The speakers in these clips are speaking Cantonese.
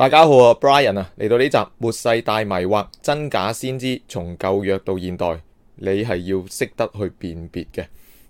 大家好啊，Brian 啊，嚟到呢集末世大迷惑，真假先知，從舊約到現代，你係要識得去辨別嘅。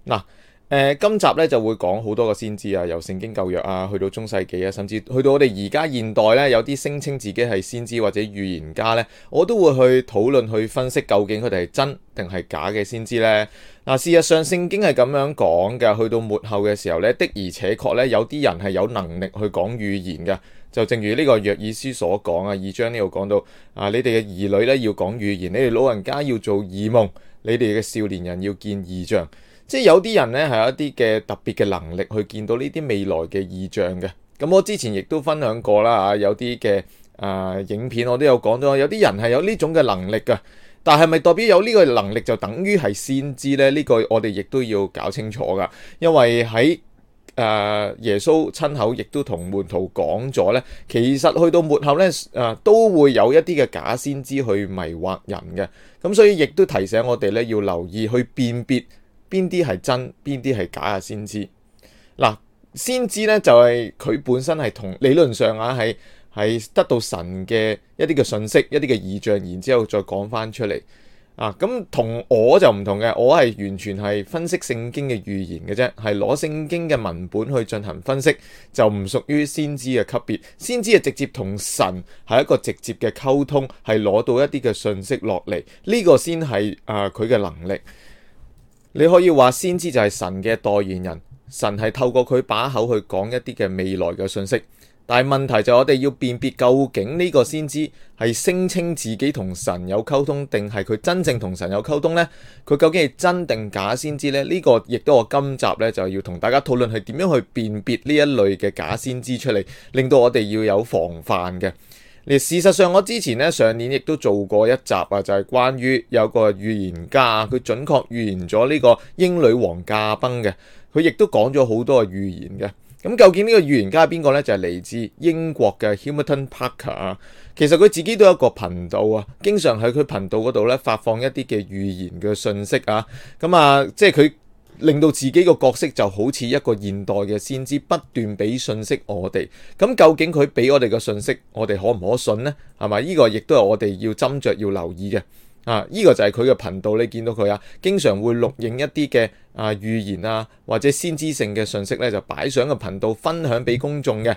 嗱，誒、呃，今集咧就會講好多個先知啊，由聖經舊約啊，去到中世紀啊，甚至去到我哋而家現代咧，有啲聲稱自己係先知或者預言家咧，我都會去討論去分析，究竟佢哋係真定係假嘅先知咧。嗱，事實上聖經係咁樣講嘅，去到末後嘅時候咧，的而且確咧，有啲人係有能力去講預言嘅。就正如呢個約珥書所講啊，二章呢度講到啊，你哋嘅兒女咧要講預言，你哋老人家要做異夢，你哋嘅少年人要見異象，即係有啲人咧係有一啲嘅特別嘅能力去見到呢啲未來嘅異象嘅。咁我之前亦都分享過啦，啊有啲嘅啊影片我都有講到，有啲人係有呢種嘅能力嘅，但係咪代表有呢個能力就等於係先知咧？呢個我哋亦都要搞清楚噶，因為喺誒，uh, 耶穌親口亦都同門徒講咗咧，其實去到末後咧，誒、啊、都會有一啲嘅假先知去迷惑人嘅。咁、啊、所以亦都提醒我哋咧，要留意去辨別邊啲係真，邊啲係假嘅先知嗱，先知咧就係、是、佢本身係同理論上啊，係係得到神嘅一啲嘅信息，一啲嘅異象，然之後再講翻出嚟。啊，咁同我就唔同嘅，我係完全係分析聖經嘅預言嘅啫，係攞聖經嘅文本去進行分析，就唔屬於先知嘅級別。先知係直接同神係一個直接嘅溝通，係攞到一啲嘅信息落嚟。呢個先係啊，佢嘅能力。你可以話先知就係神嘅代言人，神係透過佢把口去講一啲嘅未來嘅信息。但係問題就我哋要辨別究竟呢個先知係聲稱自己同神有溝通，定係佢真正同神有溝通呢？佢究竟係真定假先知呢？呢個亦都我今集呢，就要同大家討論係點樣去辨別呢一類嘅假先知出嚟，令到我哋要有防範嘅。事實上，我之前呢，上年亦都做過一集啊，就係關於有個預言家，佢準確預言咗呢個英女王駕崩嘅，佢亦都講咗好多嘅預言嘅。咁究竟呢個預言家係邊個呢？就係嚟自英國嘅 Hamilton Parker 啊。其實佢自己都有一個頻道啊，經常喺佢頻道嗰度呢，發放一啲嘅預言嘅信息啊。咁啊，即係佢令到自己個角色就好似一個現代嘅先知，不斷俾信息我哋。咁究竟佢俾我哋嘅信息，我哋可唔可信呢？係咪？呢個亦都係我哋要斟酌要留意嘅。啊！呢個就係佢嘅頻道，你見到佢啊，經常會錄影一啲嘅啊預言啊，或者先知性嘅信息咧，就擺上個頻道分享俾公眾嘅。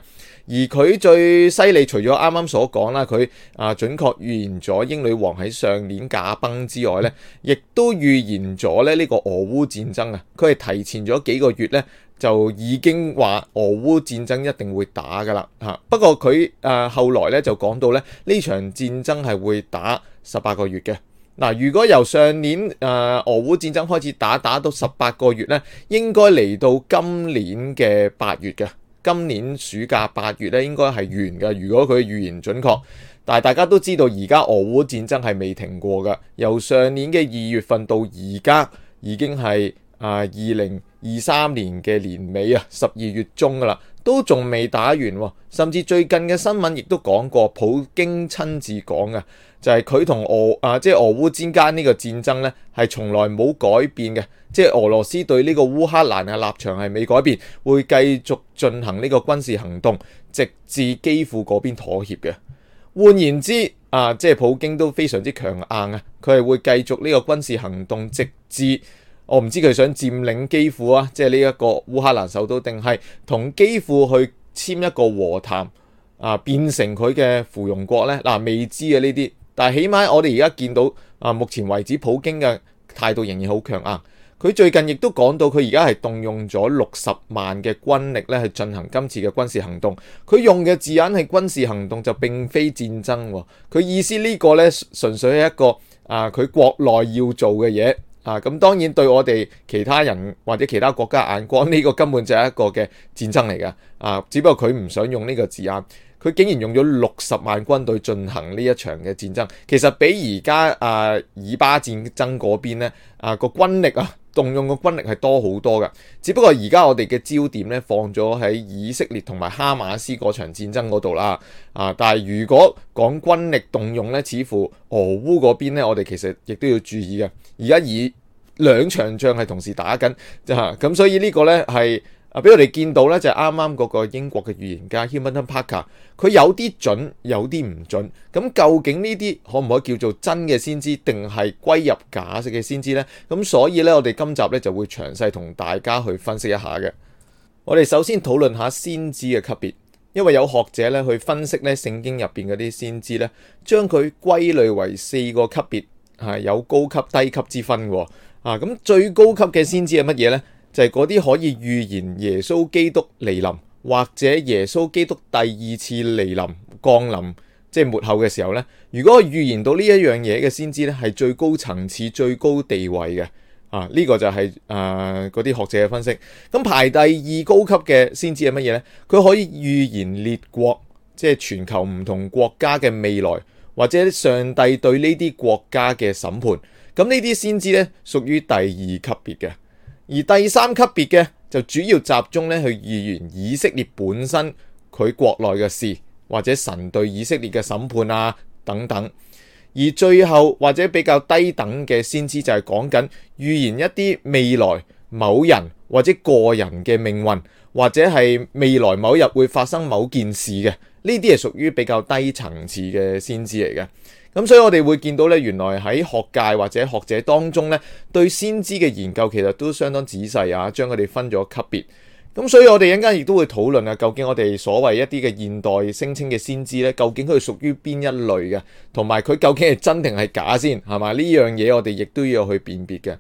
而佢最犀利，除咗啱啱所講啦，佢啊準確預言咗英女王喺上年駕崩之外咧，亦都預言咗咧呢個俄烏戰爭啊。佢係提前咗幾個月咧，就已經話俄烏戰爭一定會打㗎啦嚇。不過佢啊後來咧就講到咧呢場戰爭係會打十八個月嘅。嗱，如果由上年誒、呃、俄烏戰爭開始打打到十八個月咧，應該嚟到今年嘅八月嘅，今年暑假八月咧應該係完嘅。如果佢預言準確，但係大家都知道而家俄烏戰爭係未停過嘅，由上年嘅二月份到而家已經係啊二零二三年嘅年尾啊十二月中㗎啦。都仲未打完喎、哦，甚至最近嘅新聞亦都講過，普京親自講嘅就係佢同俄啊，即係俄烏之間呢個戰爭呢係從來冇改變嘅，即係俄羅斯對呢個烏克蘭嘅立場係未改變，會繼續進行呢個軍事行動，直至基輔嗰邊妥協嘅。換言之，啊，即係普京都非常之強硬啊，佢係會繼續呢個軍事行動，直至。我唔知佢想佔領基輔啊，即係呢一個烏克蘭首都，定係同基輔去簽一個和談啊，變成佢嘅附庸國呢？嗱、啊，未知啊呢啲，但係起碼我哋而家見到啊，目前為止普京嘅態度仍然好強硬。佢、啊、最近亦都講到佢而家係動用咗六十萬嘅軍力咧，去進行今次嘅軍事行動。佢用嘅字眼係軍事行動，就並非戰爭、啊。佢意思個呢個咧，純粹係一個啊，佢國內要做嘅嘢。啊，咁當然對我哋其他人或者其他國家眼光，呢、呢個根本就係一個嘅戰爭嚟㗎。啊，只不過佢唔想用呢個字眼，佢竟然用咗六十萬軍隊進行呢一場嘅戰爭，其實比而家啊以巴戰爭嗰邊咧啊個軍力啊，動用嘅軍力係多好多嘅，只不過而家我哋嘅焦點咧放咗喺以色列同埋哈馬斯嗰場戰爭嗰度啦，啊！但係如果講軍力動用咧，似乎俄烏嗰邊咧，我哋其實亦都要注意嘅。而家以兩場仗係同時打緊，嚇、啊、咁，所以個呢個咧係。啊！俾我哋見到咧，就係啱啱嗰個英國嘅預言家 Humbert Parker，佢有啲準，有啲唔準。咁究竟呢啲可唔可以叫做真嘅先知，定係歸入假式嘅先知呢？咁所以呢，我哋今集呢就會詳細同大家去分析一下嘅。我哋首先討論下先知嘅級別，因為有學者呢去分析呢聖經入邊嗰啲先知呢，將佢歸類為四個級別，係有高級低級之分喎。啊，咁最高級嘅先知係乜嘢呢？就係嗰啲可以預言耶穌基督嚟臨，或者耶穌基督第二次嚟臨降臨，即係末後嘅時候呢。如果我預言到呢一樣嘢嘅，先知呢係最高層次、最高地位嘅。啊，呢個就係誒嗰啲學者嘅分析。咁排第二高級嘅先知係乜嘢呢？佢可以預言列國，即係全球唔同國家嘅未來，或者上帝對呢啲國家嘅審判。咁呢啲先知呢，屬於第二級別嘅。而第三級別嘅就主要集中咧去預言以色列本身佢國內嘅事，或者神對以色列嘅審判啊等等。而最後或者比較低等嘅先知就係講緊預言一啲未來某人或者個人嘅命運，或者係未來某日會發生某件事嘅。呢啲係屬於比較低層次嘅先知嚟嘅，咁所以我哋會見到呢，原來喺學界或者學者當中呢，對先知嘅研究其實都相當仔細啊，將佢哋分咗級別。咁所以我哋陣間亦都會討論啊，究竟我哋所謂一啲嘅現代聲稱嘅先知呢，究竟佢屬於邊一類嘅，同埋佢究竟係真定係假先，係咪呢樣嘢，我哋亦都要去辨別嘅。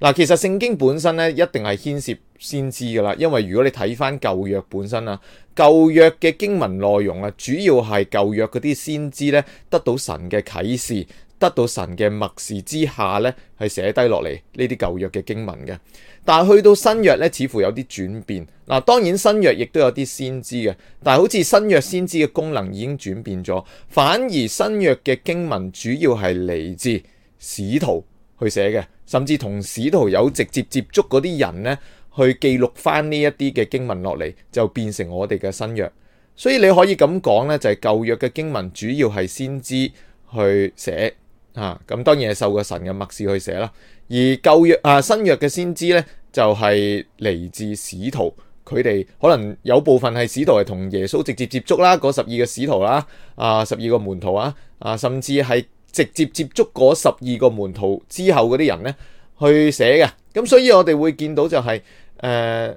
嗱，其實聖經本身咧，一定係牽涉先知㗎喇。因為如果你睇返舊約本身啊，舊約嘅經文內容啊，主要係舊約嗰啲先知咧，得到神嘅啟示，得到神嘅默示之下咧，係寫低落嚟呢啲舊約嘅經文嘅。但係去到新約咧，似乎有啲轉變。嗱，當然新約亦都有啲先知嘅，但係好似新約先知嘅功能已經轉變咗，反而新約嘅經文主要係嚟自使徒去寫嘅。甚至同使徒有直接接觸嗰啲人呢，去記錄翻呢一啲嘅經文落嚟，就變成我哋嘅新約。所以你可以咁講呢，就係、是、舊約嘅經文主要係先知去寫啊，咁當然係受個神嘅默示去寫啦。而舊約啊新約嘅先知呢，就係、是、嚟自使徒，佢哋可能有部分係使徒係同耶穌直接接觸啦，嗰十二個使徒啦，啊十二個門徒啊，啊甚至係。直接接觸嗰十二個門徒之後嗰啲人呢，去寫嘅。咁所以我哋會見到就係、係、誒、呃，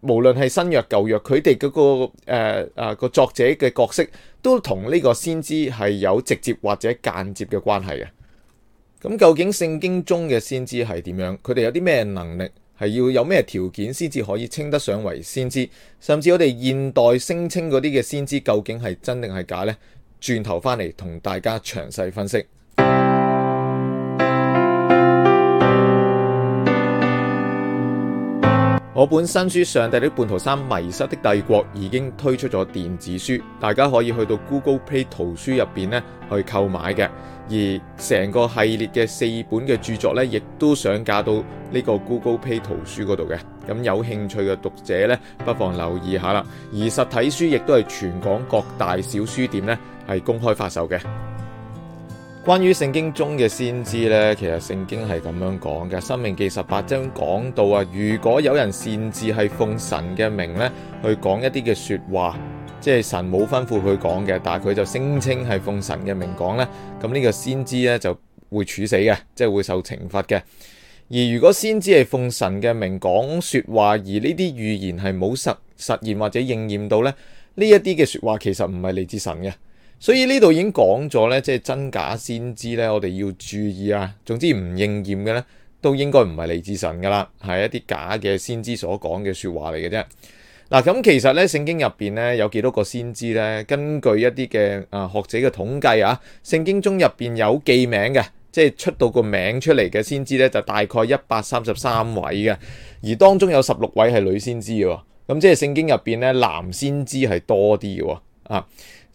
無論係新約舊約，佢哋嗰個誒啊、呃呃、作者嘅角色，都同呢個先知係有直接或者間接嘅關係嘅。咁究竟聖經中嘅先知係點樣？佢哋有啲咩能力？係要有咩條件先至可以稱得上為先知？甚至我哋現代聲稱嗰啲嘅先知，究竟係真定係假呢？轉頭翻嚟同大家詳細分析。我本新書《上帝的叛徒 III 迷失的帝國》已經推出咗電子書，大家可以去到 Google Play 圖書入邊呢去購買嘅。而成個系列嘅四本嘅著作呢，亦都上架到呢個 Google Play 圖書嗰度嘅。咁有興趣嘅讀者呢，不妨留意下啦。而實體書亦都係全港各大小書店呢，係公開發售嘅。關於聖經中嘅先知呢，其實聖經係咁樣講嘅。申命記十八章講到啊，如果有人擅自係奉神嘅名呢，去講一啲嘅說話，即係神冇吩咐佢講嘅，但係佢就聲稱係奉神嘅名講呢，咁、這、呢個先知呢就會處死嘅，即係會受懲罰嘅。而如果先知係奉神嘅名講說話，而呢啲預言係冇實實現或者應驗到呢，呢一啲嘅說話其實唔係嚟自神嘅。所以呢度已經講咗咧，即係真假先知咧，我哋要注意啊。總之唔應驗嘅咧，都應該唔係嚟自神噶啦，係一啲假嘅先知所講嘅說話嚟嘅啫。嗱，咁其實咧，聖經入邊咧有幾多個先知咧？根據一啲嘅啊學者嘅統計啊，聖經中入邊有記名嘅，即係出到個名出嚟嘅先知咧，就大概一百三十三位嘅，而當中有十六位係女先知嘅。咁即係聖經入邊咧，男先知係多啲嘅啊。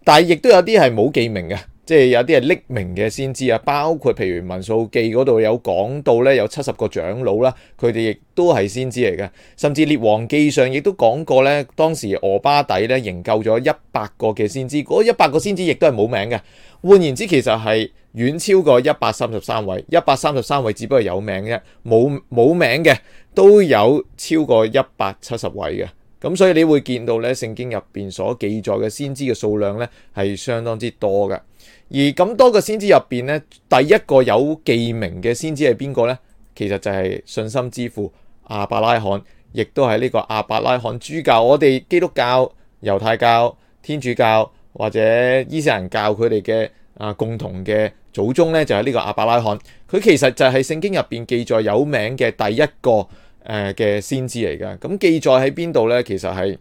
但係亦都有啲係冇記名嘅，即係有啲係匿名嘅先知啊。包括譬如《民數記》嗰度有講到咧，有七十個長老啦，佢哋亦都係先知嚟嘅。甚至《列王記》上亦都講過咧，當時俄巴底咧營救咗一百個嘅先知，嗰一百個先知亦都係冇名嘅。換言之，其實係遠超過一百三十三位，一百三十三位只不過有名嘅，冇冇名嘅都有超過一百七十位嘅。咁所以你會見到咧，聖經入邊所記載嘅先知嘅數量咧係相當之多嘅。而咁多個先知入邊咧，第一個有記名嘅先知係邊個咧？其實就係信心之父亞伯拉罕，亦都係呢個亞伯拉罕諸教。我哋基督教、猶太教、天主教或者伊斯蘭教佢哋嘅啊共同嘅祖宗咧，就係呢個亞伯拉罕。佢其實就係聖經入邊記載有名嘅第一個。誒嘅先知嚟㗎，咁記載喺邊度咧？其實係誒、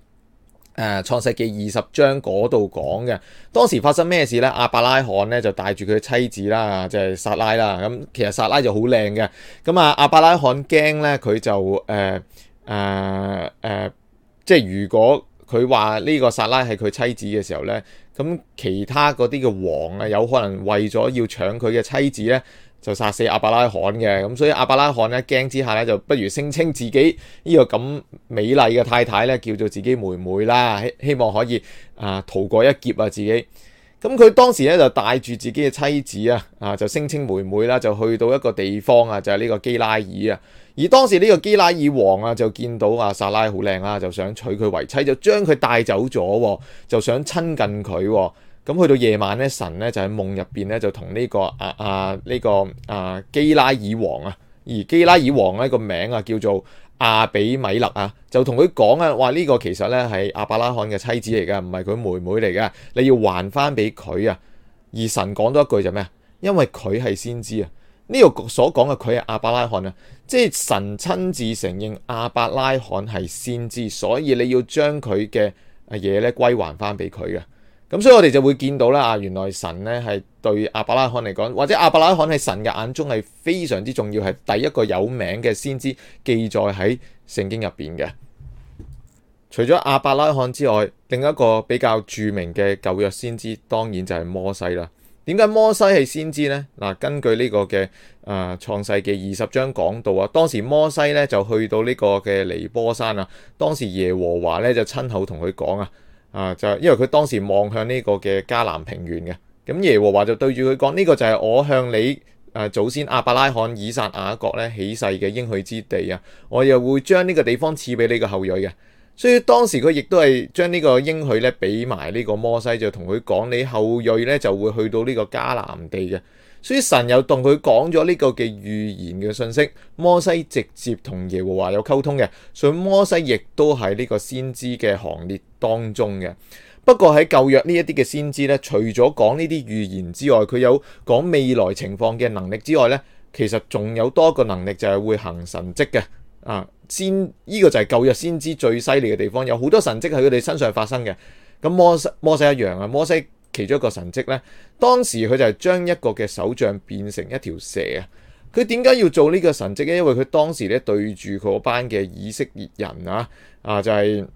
呃、創世記二十章嗰度講嘅。當時發生咩事咧？亞伯拉罕咧就帶住佢妻子啦，就係、是、撒拉啦。咁、嗯、其實撒拉就好靚嘅。咁、嗯、啊，亞伯拉罕驚咧，佢就誒誒誒，即係如果佢話呢個撒拉係佢妻子嘅時候咧，咁其他嗰啲嘅王啊，有可能為咗要搶佢嘅妻子咧。就殺死亞伯拉罕嘅，咁所以亞伯拉罕咧驚之下咧，就不如聲稱自己呢個咁美麗嘅太太咧，叫做自己妹妹啦，希希望可以啊逃過一劫啊自己。咁佢當時咧就帶住自己嘅妻子啊，啊就聲稱妹妹啦，就去到一個地方啊，就係、是、呢個基拉爾啊。而當時呢個基拉爾王啊就見到啊撒拉好靚啦，就想娶佢為妻，就將佢帶走咗，就想親近佢啊。咁去到夜晚咧，神咧就喺夢入邊咧，就同呢個啊啊呢個啊基拉耳王啊，而基拉耳王咧個名啊叫做亞比米勒啊，就同佢講啊，話呢、呢個其實咧係亞伯拉罕嘅妻子嚟嘅，唔係佢妹妹嚟嘅，你要還翻俾佢啊。而神講咗一句就咩啊？因為佢係先知啊，呢個所講嘅佢係亞伯拉罕啊，即係神親自承認亞伯拉罕係先知，所以你要將佢嘅嘢咧歸還翻俾佢啊。咁所以我哋就會見到咧啊，原來神咧係對亞伯拉罕嚟講，或者亞伯拉罕喺神嘅眼中係非常之重要，係第一個有名嘅先知記載喺聖經入邊嘅。除咗亞伯拉罕之外，另外一個比較著名嘅舊約先知，當然就係摩西啦。點解摩西係先知呢？嗱，根據呢個嘅誒、呃、創世記二十章講到啊，當時摩西咧就去到呢個嘅尼波山啊，當時耶和華咧就親口同佢講啊。啊，就因為佢當時望向呢個嘅迦南平原嘅，咁耶和華就對住佢講：呢、這個就係我向你誒、呃、祖先亞伯拉罕、以撒、雅各咧起誓嘅應許之地啊！我又會將呢個地方賜俾你個後裔嘅。所以當時佢亦都係將呢個應許咧俾埋呢個摩西，就同佢講：你後裔咧就會去到呢個迦南地嘅。所以神又同佢講咗呢個嘅預言嘅信息，摩西直接同耶和華有溝通嘅，所以摩西亦都係呢個先知嘅行列當中嘅。不過喺舊約呢一啲嘅先知咧，除咗講呢啲預言之外，佢有講未來情況嘅能力之外咧，其實仲有多個能力就係會行神蹟嘅。啊，先呢，呢個就係舊約先知最犀利嘅地方，有好多神蹟喺佢哋身上發生嘅。咁摩西，摩西一樣啊，摩西。其中一個神跡咧，當時佢就係將一個嘅手杖變成一條蛇啊！佢點解要做呢個神跡咧？因為佢當時咧對住嗰班嘅以色列人啊啊，就係、是、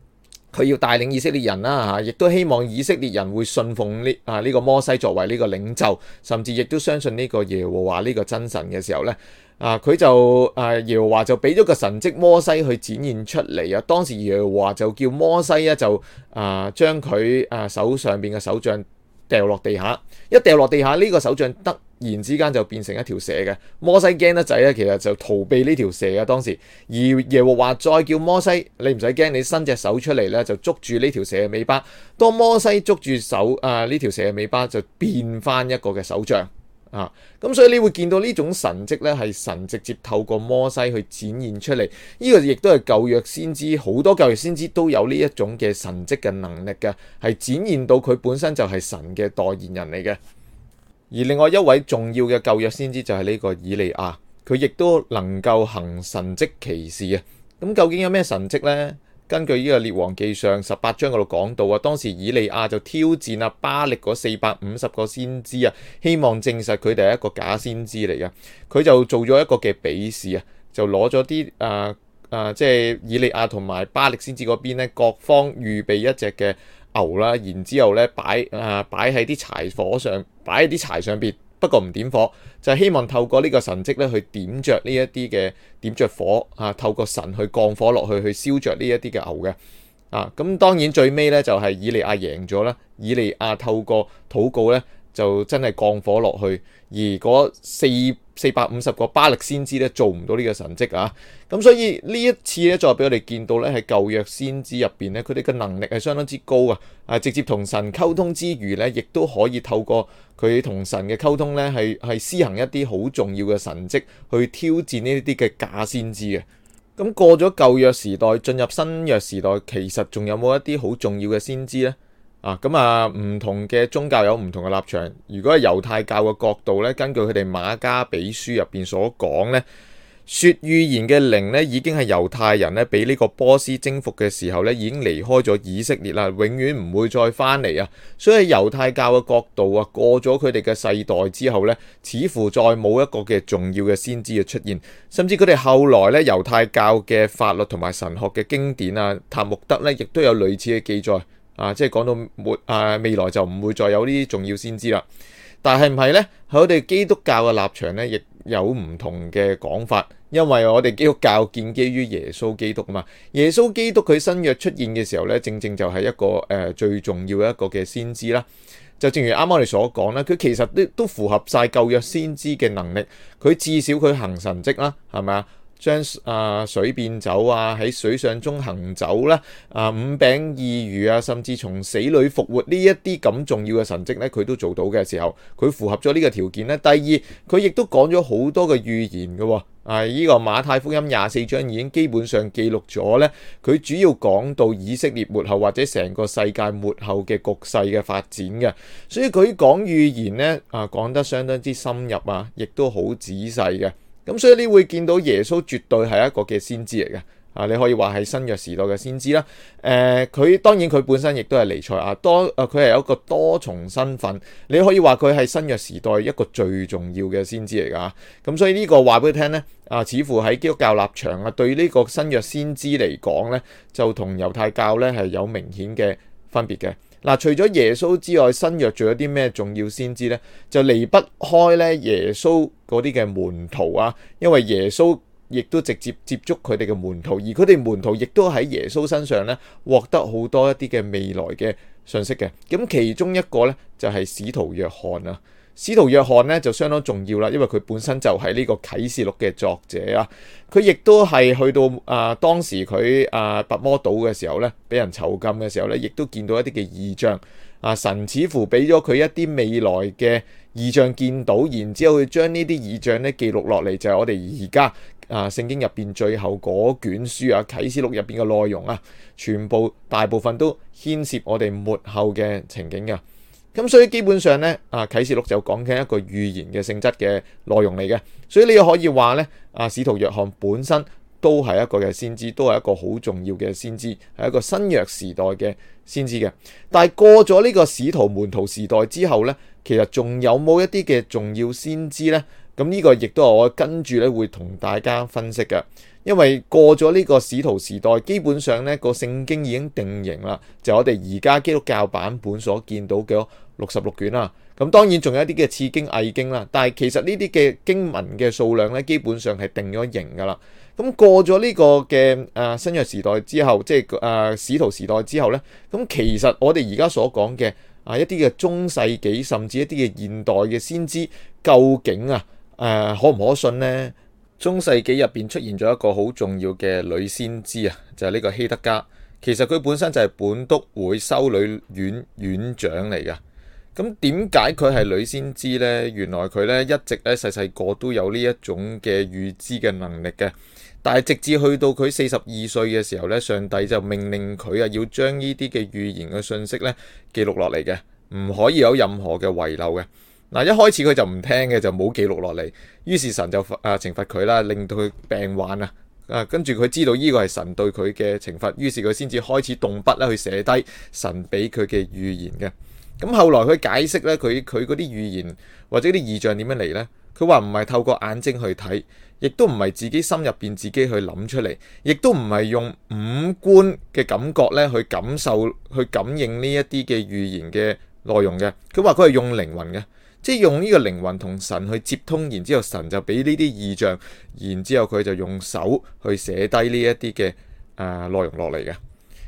佢要帶領以色列人啦、啊、嚇，亦都希望以色列人會信奉呢啊呢、呢個摩西作為呢個領袖，甚至亦都相信呢個耶和華呢個真神嘅時候咧啊，佢就啊耶和華就俾咗個神跡摩西去展現出嚟啊！當時耶和華就叫摩西咧就啊將佢啊手上邊嘅手杖。掉落地下，一掉落地下，呢、這個手杖突然之間就變成一條蛇嘅，摩西驚得滯咧，其實就逃避呢條蛇啊。當時，而耶和華再叫摩西，你唔使驚，你伸隻手出嚟咧，就捉住呢條蛇嘅尾巴，當摩西捉住手啊呢條蛇嘅尾巴就變翻一個嘅手杖。啊！咁所以你會見到呢種神蹟咧，係神直接透過摩西去展現出嚟。呢個亦都係舊約先知，好多舊約先知都有呢一種嘅神蹟嘅能力嘅，係展現到佢本身就係神嘅代言人嚟嘅。而另外一位重要嘅舊約先知就係呢個以利亞，佢亦都能夠行神蹟奇事嘅。咁究竟有咩神蹟呢？根據《呢個列王記上》十八章嗰度講到啊，當時以利亞就挑戰啊巴力嗰四百五十個先知啊，希望證實佢哋係一個假先知嚟嘅。佢就做咗一個嘅比試啊，就攞咗啲啊啊，即係以利亞同埋巴力先知嗰邊咧，各方預備一隻嘅牛啦，然之後咧擺啊、呃、擺喺啲柴火上，擺喺啲柴上邊。不過唔點火，就係、是、希望透過呢個神跡咧，去點着呢一啲嘅點著火啊！透過神去降火落去，去燒着呢一啲嘅牛嘅啊！咁當然最尾咧就係、是、以利亞贏咗啦，以利亞透過禱告咧。就真係降火落去，而嗰四四百五十個巴力先知咧做唔到，、啊、到呢個神蹟啊！咁所以呢一次咧，再俾我哋見到咧，喺舊約先知入邊咧，佢哋嘅能力係相當之高啊！啊，直接同神溝通之餘咧，亦都可以透過佢同神嘅溝通咧，係係施行一啲好重要嘅神蹟，去挑戰呢啲嘅假先知嘅、啊。咁過咗舊約時代，進入新約時代，其實仲有冇一啲好重要嘅先知咧？啊，咁啊，唔同嘅宗教有唔同嘅立場。如果係猶太教嘅角度咧，根據佢哋馬加比書入邊所講咧，説預言嘅靈咧已經係猶太人咧，俾呢個波斯征服嘅時候咧，已經離開咗以色列啦，永遠唔會再翻嚟啊！所以喺猶太教嘅角度啊，過咗佢哋嘅世代之後咧，似乎再冇一個嘅重要嘅先知嘅出現，甚至佢哋後來咧，猶太教嘅法律同埋神學嘅經典啊，塔木德咧，亦都有類似嘅記載。啊，即係講到末啊，未來就唔會再有呢啲重要先知啦。但係唔係呢？喺我哋基督教嘅立場呢，亦有唔同嘅講法。因為我哋基督教建基於耶穌基督啊嘛。耶穌基督佢新約出現嘅時候呢，正正就係一個誒、呃、最重要一個嘅先知啦。就正如啱啱我哋所講啦，佢其實都都符合晒舊約先知嘅能力。佢至少佢行神蹟啦，係咪啊？將啊水變酒啊，喺水上中行走啦，啊五餅二魚啊，甚至從死裡復活，呢一啲咁重要嘅神跡咧，佢都做到嘅時候，佢符合咗呢個條件咧。第二，佢亦都講咗好多嘅預言嘅喎，啊呢個馬太福音廿四章已經基本上記錄咗咧，佢主要講到以色列末後或者成個世界末後嘅局勢嘅發展嘅。所以佢講預言咧，啊講得相當之深入啊，亦都好仔細嘅。咁所以你會見到耶穌絕對係一個嘅先知嚟嘅，啊你可以話係新約時代嘅先知啦。誒、呃，佢當然佢本身亦都係尼賽亞多，佢係有一個多重身份。你可以話佢係新約時代一個最重要嘅先知嚟㗎。咁、啊、所以呢個話俾你聽呢，啊，似乎喺基督教立場啊，對呢個新約先知嚟講呢，就同猶太教呢係有明顯嘅分別嘅。嗱，除咗耶穌之外，新約仲有啲咩重要先知呢？就離不開咧耶穌嗰啲嘅門徒啊，因為耶穌亦都直接接觸佢哋嘅門徒，而佢哋門徒亦都喺耶穌身上咧獲得好多一啲嘅未來嘅信息嘅。咁其中一個咧就係使徒約翰啊。司徒約翰咧就相當重要啦，因為佢本身就係呢個啟示錄嘅作者啊，佢亦都係去到啊、呃、當時佢啊拔摩島嘅時候咧，俾人囚禁嘅時候咧，亦都見到一啲嘅異象啊，神似乎俾咗佢一啲未來嘅異象見到，然之後佢將呢啲異象咧記錄落嚟，就係我哋而家啊聖經入邊最後嗰卷書啊啟示錄入邊嘅內容啊，全部大部分都牽涉我哋末後嘅情景嘅、啊。咁所以基本上咧，啊啟示錄就講緊一個預言嘅性質嘅內容嚟嘅，所以你可以話咧，啊使徒約翰本身都係一個嘅先知，都係一個好重要嘅先知，係一個新約時代嘅先知嘅。但係過咗呢個使徒門徒時代之後咧，其實仲有冇一啲嘅重要先知咧？咁呢個亦都係我跟住咧會同大家分析嘅，因為過咗呢個使徒時代，基本上咧個聖經已經定型啦，就係我哋而家基督教版本所見到嘅。六十六卷啦，咁當然仲有一啲嘅次經、偽經啦。但係其實呢啲嘅經文嘅數量咧，基本上係定咗型噶啦。咁過咗呢個嘅誒新約時代之後，即係誒使徒時代之後咧，咁其實我哋而家所講嘅啊一啲嘅中世紀，甚至一啲嘅現代嘅先知，究竟啊誒可唔可信呢？中世紀入邊出現咗一個好重要嘅女先知啊，就係、是、呢個希德加。其實佢本身就係本篤會修女院院長嚟噶。咁點解佢係女先知呢？原來佢呢一直呢細細個都有呢一種嘅預知嘅能力嘅，但係直至去到佢四十二歲嘅時候呢，上帝就命令佢啊，要將呢啲嘅預言嘅信息呢記錄落嚟嘅，唔可以有任何嘅遺漏嘅。嗱，一開始佢就唔聽嘅，就冇記錄落嚟，於是神就啊，呃，懲罰佢啦，令到佢病患啊，跟住佢知道呢個係神對佢嘅懲罰，於是佢先至開始動筆啦去寫低神俾佢嘅預言嘅。咁後來佢解釋呢，佢佢嗰啲預言或者啲意象點樣嚟呢？佢話唔係透過眼睛去睇，亦都唔係自己心入邊自己去諗出嚟，亦都唔係用五官嘅感覺呢去感受、去感應呢一啲嘅預言嘅內容嘅。佢話佢係用靈魂嘅，即係用呢個靈魂同神去接通，然之後神就俾呢啲意象，然之後佢就用手去寫低呢一啲嘅啊內容落嚟嘅。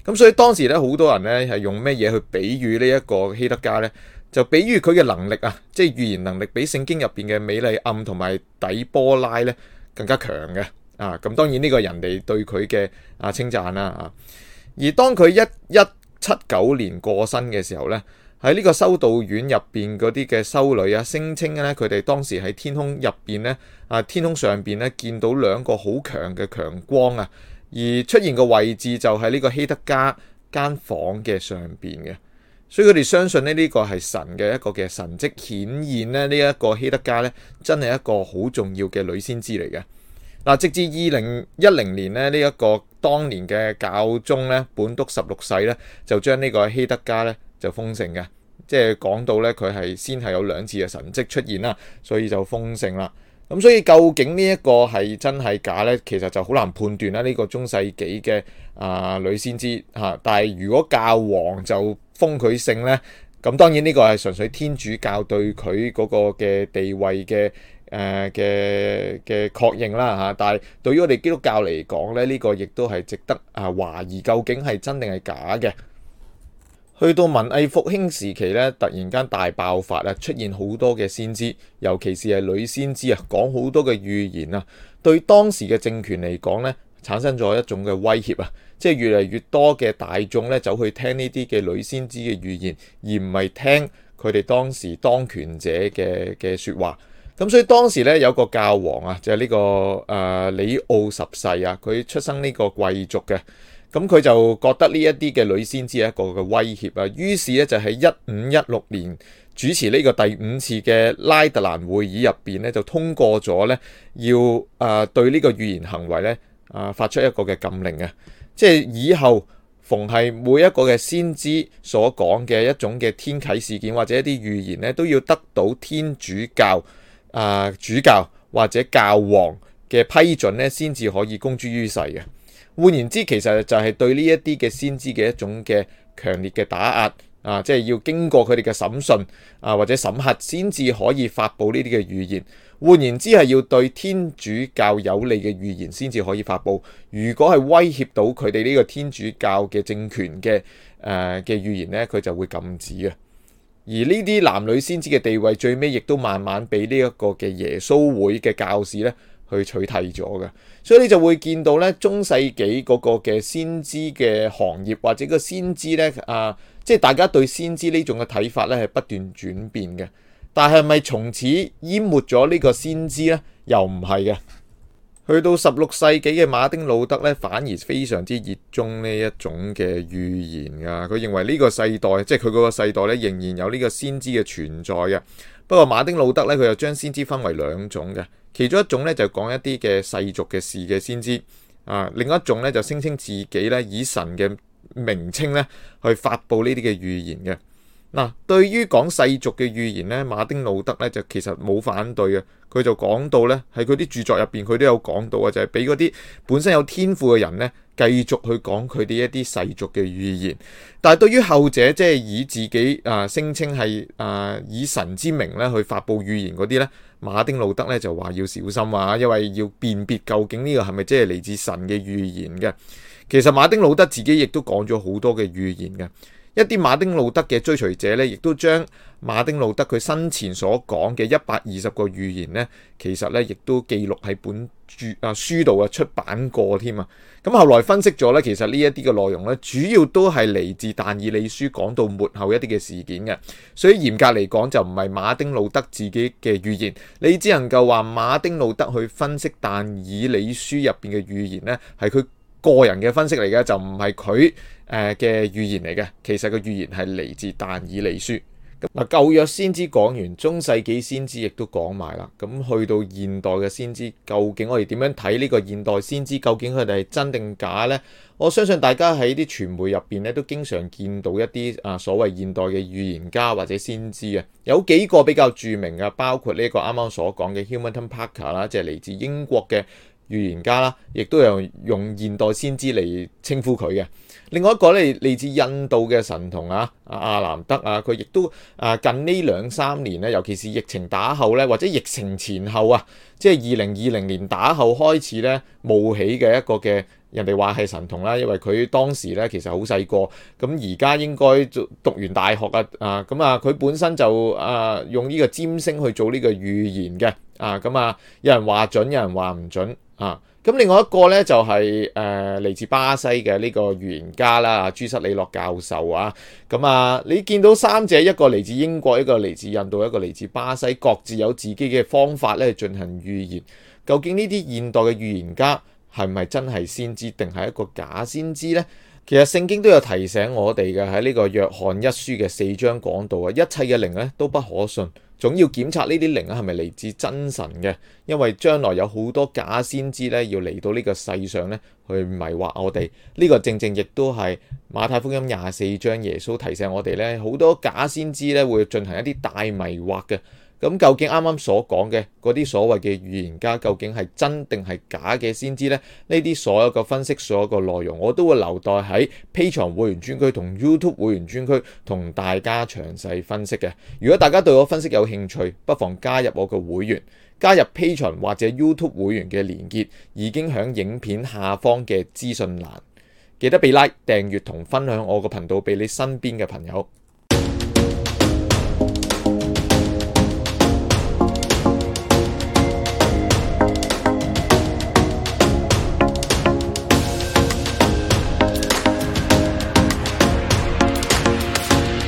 咁所以當時咧，好多人咧係用咩嘢去比喻呢一個希德加呢？就比喻佢嘅能力啊，即係預言能力，比聖經入邊嘅米利暗同埋底波拉咧更加強嘅啊！咁當然呢個人哋對佢嘅啊稱讚啦啊！而當佢一一七九年過身嘅時候呢，喺呢個修道院入邊嗰啲嘅修女啊，聲稱咧佢哋當時喺天空入邊呢，啊天空上邊呢，見到兩個好強嘅強光啊！而出現個位置就係呢個希德家間房嘅上邊嘅，所以佢哋相信咧呢個係神嘅一個嘅神跡顯現咧，呢一個希德家咧真係一個好重要嘅女先知嚟嘅。嗱，直至二零一零年咧，呢一個當年嘅教宗咧，本篤十六世咧，就將呢個希德家咧就封聖嘅，即係講到咧佢係先係有兩次嘅神跡出現啦，所以就封聖啦。咁所以究竟呢一個係真係假呢？其實就好難判斷啦。呢、這個中世紀嘅啊、呃呃、女先知吓、啊。但係如果教皇就封佢聖呢，咁、嗯、當然呢個係純粹天主教對佢嗰個嘅地位嘅誒嘅嘅確認啦吓、啊，但係對於我哋基督教嚟講呢，呢、這個亦都係值得啊懷疑究竟係真定係假嘅。去到文藝復興時期咧，突然間大爆發啊！出現好多嘅先知，尤其是係女先知啊，講好多嘅預言啊，對當時嘅政權嚟講咧，產生咗一種嘅威脅啊！即係越嚟越多嘅大眾咧，走去聽呢啲嘅女先知嘅預言，而唔係聽佢哋當時當權者嘅嘅說話。咁所以當時咧有個教皇啊，就係呢個誒，李奧十世啊，佢出生呢個貴族嘅。咁佢就覺得呢一啲嘅女先知係一個嘅威脅啊，於是咧就喺一五一六年主持呢個第五次嘅拉特蘭會議入邊咧，就通過咗咧要啊對呢個預言行為咧啊發出一個嘅禁令啊，即係以後逢係每一個嘅先知所講嘅一種嘅天啟事件或者一啲預言咧，都要得到天主教啊、呃、主教或者教皇嘅批准咧，先至可以公諸於世嘅。換言之，其實就係對呢一啲嘅先知嘅一種嘅強烈嘅打壓啊！即係要經過佢哋嘅審訊啊，或者審核先至可以發布呢啲嘅預言。換言之係要對天主教有利嘅預言先至可以發布。如果係威脅到佢哋呢個天主教嘅政權嘅誒嘅預言呢，佢就會禁止嘅。而呢啲男女先知嘅地位，最尾亦都慢慢俾呢一個嘅耶穌會嘅教士呢去取替咗嘅，所以你就會見到呢，中世紀嗰個嘅先知嘅行業或者個先知呢，啊、呃，即係大家對先知呢種嘅睇法呢係不斷轉變嘅。但係咪從此淹沒咗呢個先知呢？又唔係嘅。去到十六世紀嘅馬丁路德呢，反而非常之熱衷呢一種嘅預言㗎。佢認為呢個世代即係佢嗰個世代呢，仍然有呢個先知嘅存在嘅。不過馬丁路德呢，佢又將先知分為兩種嘅。其中一種咧就講一啲嘅世俗嘅事嘅先知啊，另一種咧就聲稱自己咧以神嘅名稱咧去發布呢啲嘅預言嘅。嗱、啊，對於講世俗嘅預言咧，馬丁路德咧就其實冇反對嘅，佢就講到咧喺佢啲著作入邊佢都有講到啊，就係俾嗰啲本身有天賦嘅人咧繼續去講佢哋一啲世俗嘅預言。但係對於後者即係以自己啊聲稱係啊以神之名咧去發布預言嗰啲咧。馬丁路德咧就話要小心啊，因為要辨別究竟呢個係咪即係嚟自神嘅預言嘅。其實馬丁路德自己亦都講咗好多嘅預言嘅。一啲馬丁路德嘅追隨者咧，亦都將馬丁路德佢生前所講嘅一百二十個預言咧，其實咧亦都記錄喺本著啊書度啊出版過添啊！咁、嗯、後來分析咗咧，其實呢一啲嘅內容咧，主要都係嚟自但以理書講到末後一啲嘅事件嘅，所以嚴格嚟講就唔係馬丁路德自己嘅預言，你只能夠話馬丁路德去分析但以理書入邊嘅預言咧，係佢。個人嘅分析嚟嘅，就唔係佢誒嘅預言嚟嘅。其實個預言係嚟自但以理書。咁啊，舊約先知講完，中世紀先知亦都講埋啦。咁去到現代嘅先知，究竟我哋點樣睇呢個現代先知？究竟佢哋係真定假呢？我相信大家喺啲傳媒入邊咧，都經常見到一啲啊所謂現代嘅預言家或者先知啊。有幾個比較著名嘅，包括呢一個啱啱所講嘅 Hamilton Parker 啦，Parker，即係嚟自英國嘅。預言家啦，亦都有用現代先知嚟稱呼佢嘅。另外一個咧嚟自印度嘅神童啊，阿阿南德啊，佢亦都啊近呢兩三年咧，尤其是疫情打後咧，或者疫情前後啊，即係二零二零年打後開始咧冒起嘅一個嘅人哋話係神童啦、啊，因為佢當時咧其實好細個，咁而家應該讀完大學啊啊咁啊，佢、啊、本身就啊用呢個占星去做呢個預言嘅啊咁啊，有人話準，有人話唔準啊。咁另外一個咧就係誒嚟自巴西嘅呢個預言家啦，朱瑟里諾教授啊，咁啊你見到三者一個嚟自英國，一個嚟自印度，一個嚟自巴西，各自有自己嘅方法嚟進行預言。究竟呢啲現代嘅預言家係唔係真係先知，定係一個假先知呢？其實聖經都有提醒我哋嘅喺呢個約翰一書嘅四章講到啊，一切嘅靈咧都不可信。總要檢查呢啲靈係咪嚟自真神嘅，因為將來有好多假先知咧要嚟到呢個世上咧去迷惑我哋。呢個正正亦都係馬太福音廿四章耶穌提醒我哋咧，好多假先知咧會進行一啲大迷惑嘅。咁究竟啱啱所講嘅嗰啲所謂嘅預言家，究竟係真定係假嘅先知呢？呢啲所有嘅分析，所有嘅內容，我都會留待喺 Patreon 會員專區同 YouTube 會員專區同大家詳細分析嘅。如果大家對我分析有興趣，不妨加入我個會員，加入 Patreon 或者 YouTube 會員嘅連結已經喺影片下方嘅資訊欄，記得俾 like、訂閱同分享我個頻道俾你身邊嘅朋友。